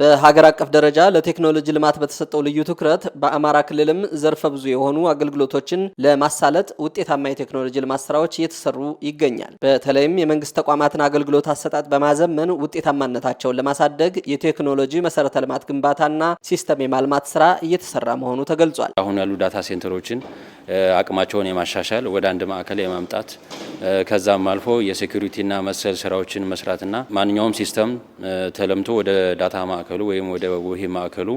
በሀገር አቀፍ ደረጃ ለቴክኖሎጂ ልማት በተሰጠው ልዩ ትኩረት በአማራ ክልልም ዘርፈ ብዙ የሆኑ አገልግሎቶችን ለማሳለጥ ውጤታማ የቴክኖሎጂ ልማት ስራዎች እየተሰሩ ይገኛል። በተለይም የመንግስት ተቋማትን አገልግሎት አሰጣጥ በማዘመን ውጤታማነታቸውን ለማሳደግ የቴክኖሎጂ መሰረተ ልማት ግንባታና ሲስተም የማልማት ስራ እየተሰራ መሆኑ ተገልጿል። አሁን ያሉ ዳታ ሴንተሮችን አቅማቸውን የማሻሻል ወደ አንድ ማዕከል የማምጣት ከዛም አልፎ የሴኩሪቲና መሰል ስራዎችን መስራትና ማንኛውም ሲስተም ተለምቶ ወደ ዳታ ማዕከሉ ወይም ወደ ውሂ ማዕከሉ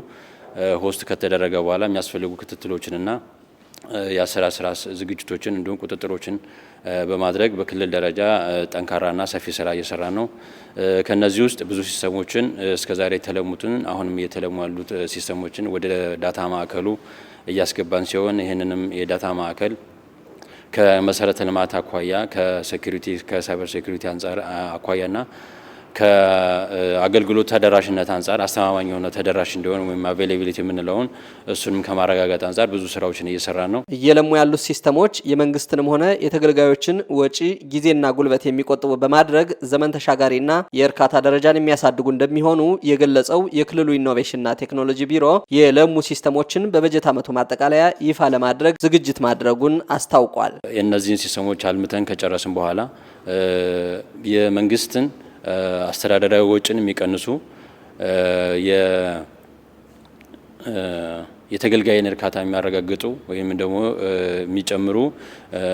ሆስት ከተደረገ በኋላ የሚያስፈልጉ ክትትሎችንና የአሰራ ስራ ዝግጅቶችን እንዲሁም ቁጥጥሮችን በማድረግ በክልል ደረጃ ጠንካራና ሰፊ ስራ እየሰራ ነው። ከነዚህ ውስጥ ብዙ ሲስተሞችን እስከዛሬ የተለሙትን አሁንም እየተለሙ ያሉት ሲስተሞችን ወደ ዳታ ማዕከሉ እያስገባን ሲሆን ይህንንም የዳታ ማዕከል ከመሰረተ ልማት አኳያ ከሴኩሪቲ ከሳይበር ሴኩሪቲ አንጻር አኳያና ከአገልግሎት ተደራሽነት አንጻር አስተማማኝ የሆነ ተደራሽ እንዲሆን ወይም አቬላቢሊቲ የምንለውን እሱንም ከማረጋገጥ አንጻር ብዙ ስራዎችን እየሰራ ነው። እየለሙ ያሉት ሲስተሞች የመንግስትንም ሆነ የተገልጋዮችን ወጪ ጊዜና ጉልበት የሚቆጥቡ በማድረግ ዘመን ተሻጋሪና የእርካታ ደረጃን የሚያሳድጉ እንደሚሆኑ የገለጸው የክልሉ ኢኖቬሽንና ቴክኖሎጂ ቢሮ የለሙ ሲስተሞችን በበጀት ዓመቱ ማጠቃለያ ይፋ ለማድረግ ዝግጅት ማድረጉን አስታውቋል። የእነዚህን ሲስተሞች አልምተን ከጨረስን በኋላ የመንግስትን አስተዳደራዊ ወጪን የሚቀንሱ የተገልጋይን እርካታ የሚያረጋግጡ ወይም ደግሞ የሚጨምሩ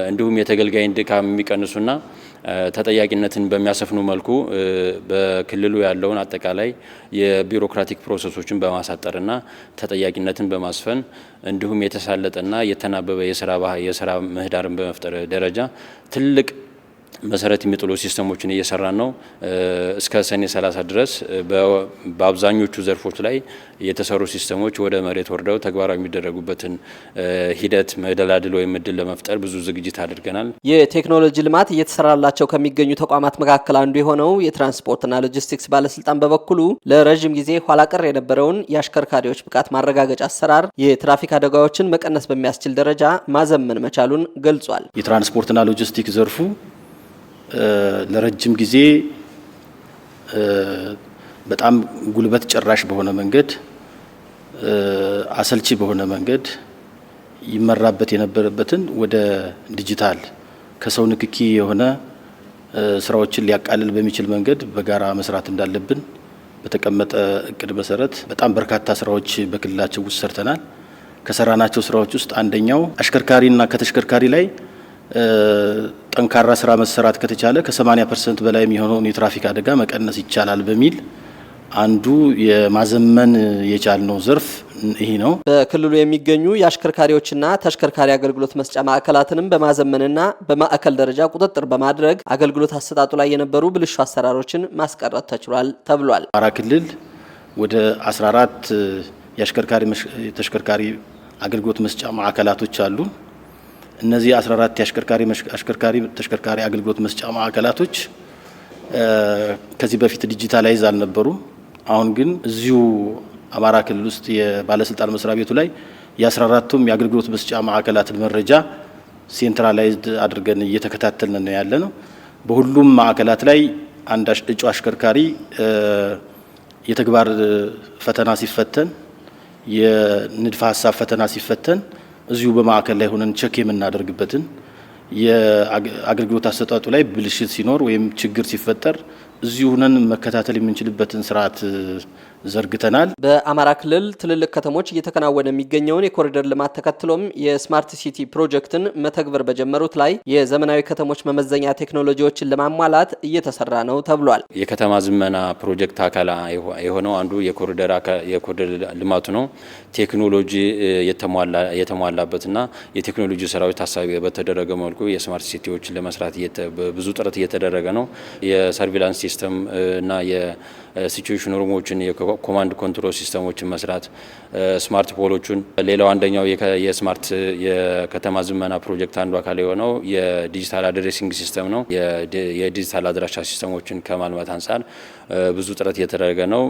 እንዲሁም የተገልጋይን ድካም የሚቀንሱና ተጠያቂነትን በሚያሰፍኑ መልኩ በክልሉ ያለውን አጠቃላይ የቢሮክራቲክ ፕሮሰሶችን በማሳጠርና ተጠያቂነትን በማስፈን እንዲሁም የተሳለጠና የተናበበ የስራ ምህዳርን በመፍጠር ደረጃ ትልቅ መሰረት የሚጥሉ ሲስተሞችን እየሰራን ነው። እስከ ሰኔ 30 ድረስ በአብዛኞቹ ዘርፎች ላይ የተሰሩ ሲስተሞች ወደ መሬት ወርደው ተግባራዊ የሚደረጉበትን ሂደት መደላድል ወይም እድል ለመፍጠር ብዙ ዝግጅት አድርገናል። የቴክኖሎጂ ልማት እየተሰራላቸው ከሚገኙ ተቋማት መካከል አንዱ የሆነው የትራንስፖርትና ሎጂስቲክስ ባለስልጣን በበኩሉ ለረዥም ጊዜ ኋላ ቀር የነበረውን የአሽከርካሪዎች ብቃት ማረጋገጫ አሰራር የትራፊክ አደጋዎችን መቀነስ በሚያስችል ደረጃ ማዘመን መቻሉን ገልጿል። የትራንስፖርትና ሎጂስቲክስ ዘርፉ ለረጅም ጊዜ በጣም ጉልበት ጨራሽ በሆነ መንገድ አሰልቺ በሆነ መንገድ ይመራበት የነበረበትን ወደ ዲጂታል ከሰው ንክኪ የሆነ ስራዎችን ሊያቃልል በሚችል መንገድ በጋራ መስራት እንዳለብን በተቀመጠ እቅድ መሰረት በጣም በርካታ ስራዎች በክልላችን ውስጥ ሰርተናል። ከሰራናቸው ስራዎች ውስጥ አንደኛው አሽከርካሪና ከተሽከርካሪ ላይ ጠንካራ ስራ መሰራት ከተቻለ ከ80 ፐርሰንት በላይ የሚሆነውን የትራፊክ አደጋ መቀነስ ይቻላል በሚል አንዱ የማዘመን የቻልነው ዘርፍ ይሄ ነው። በክልሉ የሚገኙ የአሽከርካሪዎችና ተሽከርካሪ አገልግሎት መስጫ ማዕከላትንም በማዘመንና በማዕከል ደረጃ ቁጥጥር በማድረግ አገልግሎት አሰጣጡ ላይ የነበሩ ብልሹ አሰራሮችን ማስቀረት ተችሏል ተብሏል። አማራ ክልል ወደ 14 የአሽከርካሪ ተሽከርካሪ አገልግሎት መስጫ ማዕከላቶች አሉ። እነዚህ 14 የአሽከርካሪ አሽከርካሪ ተሽከርካሪ አገልግሎት መስጫ ማዕከላቶች ከዚህ በፊት ዲጂታላይዝ አልነበሩም። አሁን ግን እዚሁ አማራ ክልል ውስጥ የባለስልጣን መስሪያ ቤቱ ላይ የ14ቱም የአገልግሎት መስጫ ማዕከላትን መረጃ ሴንትራላይዝድ አድርገን እየተከታተልን ነው ያለ ነው። በሁሉም ማዕከላት ላይ አንድ እጩ አሽከርካሪ የተግባር ፈተና ሲፈተን፣ የንድፈ ሀሳብ ፈተና ሲፈተን እዚሁ በማዕከል ላይ ሆነን ቸክ የምናደርግበትን የአገልግሎት አሰጣጡ ላይ ብልሽት ሲኖር ወይም ችግር ሲፈጠር እዚሁ ሆነን መከታተል የምንችልበትን ስርዓት ዘርግተናል። በአማራ ክልል ትልልቅ ከተሞች እየተከናወነ የሚገኘውን የኮሪደር ልማት ተከትሎም የስማርት ሲቲ ፕሮጀክትን መተግበር በጀመሩት ላይ የዘመናዊ ከተሞች መመዘኛ ቴክኖሎጂዎችን ለማሟላት እየተሰራ ነው ተብሏል። የከተማ ዝመና ፕሮጀክት አካል የሆነው አንዱ የኮሪደር ልማቱ ነው። ቴክኖሎጂ የተሟላበትና የቴክኖሎጂ ስራዎች ታሳቢ በተደረገ መልኩ የስማርት ሲቲዎችን ለመስራት ብዙ ጥረት እየተደረገ ነው። የሰርቪላንስ ሲስተም እና የሲቹዌሽን ሩሞችን ኮማንድ ኮንትሮል ሲስተሞችን መስራት፣ ስማርት ፖሎቹን። ሌላው አንደኛው የስማርት የከተማ ዝመና ፕሮጀክት አንዱ አካል የሆነው የዲጂታል አድሬሲንግ ሲስተም ነው። የዲጂታል አድራሻ ሲስተሞችን ከማልማት አንጻር ብዙ ጥረት እየተደረገ ነው።